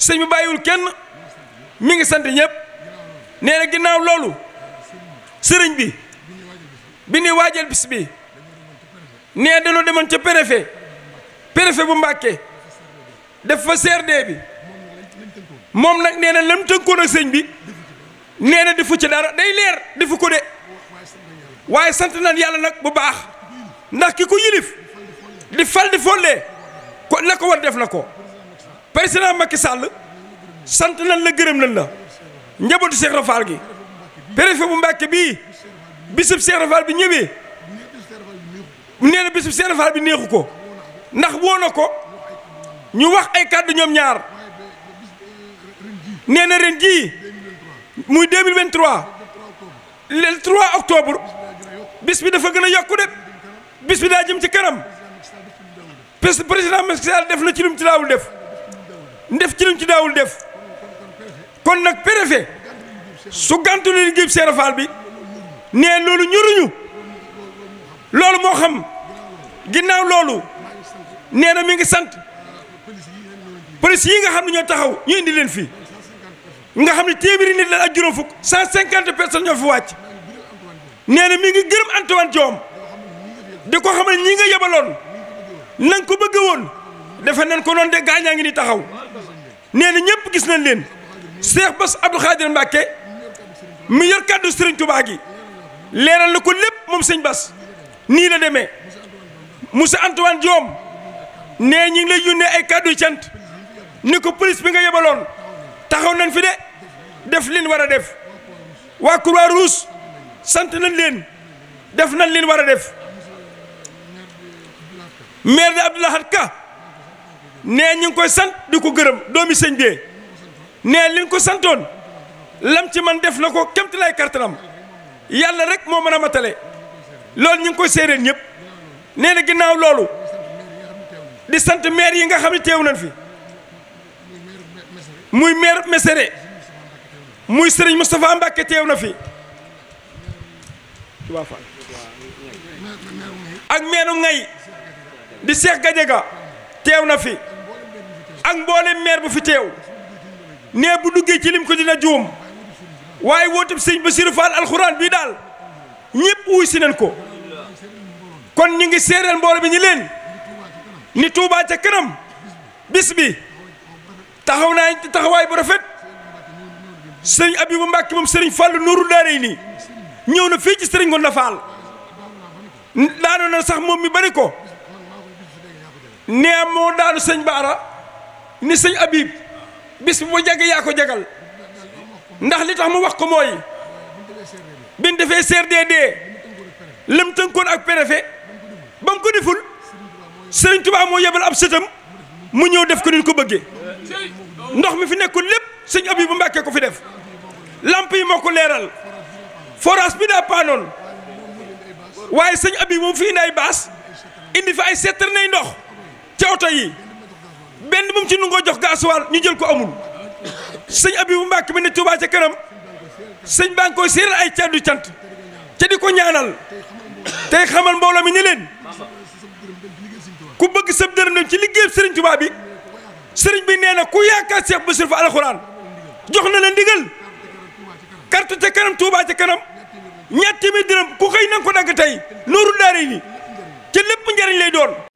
sëñ bi bàyyiwul kenn mi ngi sant ñëpp nee ginnaaw loolu sëriñ bi bi ñuy waajal bis bi nee dañoo demoon ca préfet préfet bu Mbàkke def fa CRD bi moom nag nee na lam tënkoon ak sëñ bi neena defu ci dara day leer defu ko de waaye sant nañ yàlla nag bu baax ndax ki ko yilif di fal di follee ko la ko war def na ko président Macky sàll sant nañ la gërëm nañ la njabootu Cheikh Rafal gi préfet bu Mbàkke bii bisub Cheikh Rafal bi ñëwee nee na bisub Cheikh Rafal bi neexu ko ndax woo na ko ñu wax ay kàddu ñoom ñaar nee na ren jii muy 2023 le 3 octobre bis bi dafa gën a yokku de bis bi daa jëm ci kanam président Macky Sall def na ci lu mu ci laawul def ndef ci luñ ci daawul def kon nag préfet su gàntu li liggéey Serigne Fall bi nee loolu ñoruñu loolu moo xam ginnaaw loolu nee na mi ngi sant police yi nga xam ne ñoo taxaw ñu indi leen fii nga xam ne téeméeri nit la ak juróom fukk cent cinquante personnes ñoo fi wàcc nee na mi ngi gërëm Antoine Diome di ko xamal ñii nga yebaloon na ko bëgg woon defe nañ ko noonu de gaañaa ngi ni taxaw nee na ñëpp gis nañ leen Cheikh Bass Abdou Khadir Mbacke mu yor kàddu Serigne Touba gi leeral na ko lépp moom sëñ Bass nii la demee Moussa Antoine Diome nee ñi ngi lay yónnee ay kàddu yu cant ni ko police bi nga yebaloon taxaw nañ fi de def leen war a def waa croix ruus sant nañ leen def nañ leen war a def maire de Abdoulahat Ka nee ñu ngi koy sant di ko gërëm doomi sëñ bee nee liñ ko santoon lam ci man def na ko kémti lay kartanam yàlla rek moo mën a matale loolu ñu ngi koy séeréen ñëpp nee na ginnaaw loolu di sant maire yi nga xam ne teew na fi muy maire Mesere muy sëriñ Moustapha Mbacke teew na fi ak meenu ngay di Cheikh Gadiaga teew na fi ak mboolem maire bu fi teew nee bu duggee ci lim ko dina juum waaye wootub sëñ Bassirou Fall alxuraan bii daal ñëpp wuy si nañ ko kon ñu ngi séeréel mboole bi ñu leen ni tuubaat ca kanam bis bi taxaw taxawaay bu rafet sëriñ Abibu Mbàkke moom sëriñ Fàllu Nuuru Daarayni ñëw na fii ci sëriñ Ngounda Fall daanoon na sax moom mi bari ko nee moo daanu sëñ Baara ni sëñ Habib bis bu ma yaa ko jagal ndax li tax mu wax ko mooy bi ñu defee CRDD lam tënkoon ak préfet ba mu ko deful sëriñ Tuubaa moo yebal ab sëtam mu ñëw def ko ni ko bëggee ndox mi fi nekkul lépp sëñ Habib Mbàkke ko fi def làmp yi moo ko leeral forage bi daa paanoon waaye sëñ Habib moom fi indi ay baas indi fi ay seetar nay ndox ci oto yi benn moom mu ci nungoo jox gaasuwaal ñu jël ko amul sëñ Abibu Mbàkke mi ne Tuubaa ca kanam sëñ baa ngi koy séeral ay caddu cant ca di ko ñaanal tey xamal mbooloo mi ni ku bëgg sëb dërëm ci liggéeyam sëriñ Tuubaa bi sëriñ bi nee na ku yaakaar Seex Basiru fa alxuraan jox na la ndigal carte ca kanam Tuubaa ca kanam ñetti mi dërëm ku xëy na ko dagg tey nooru daara ci ca lépp njariñ lay doon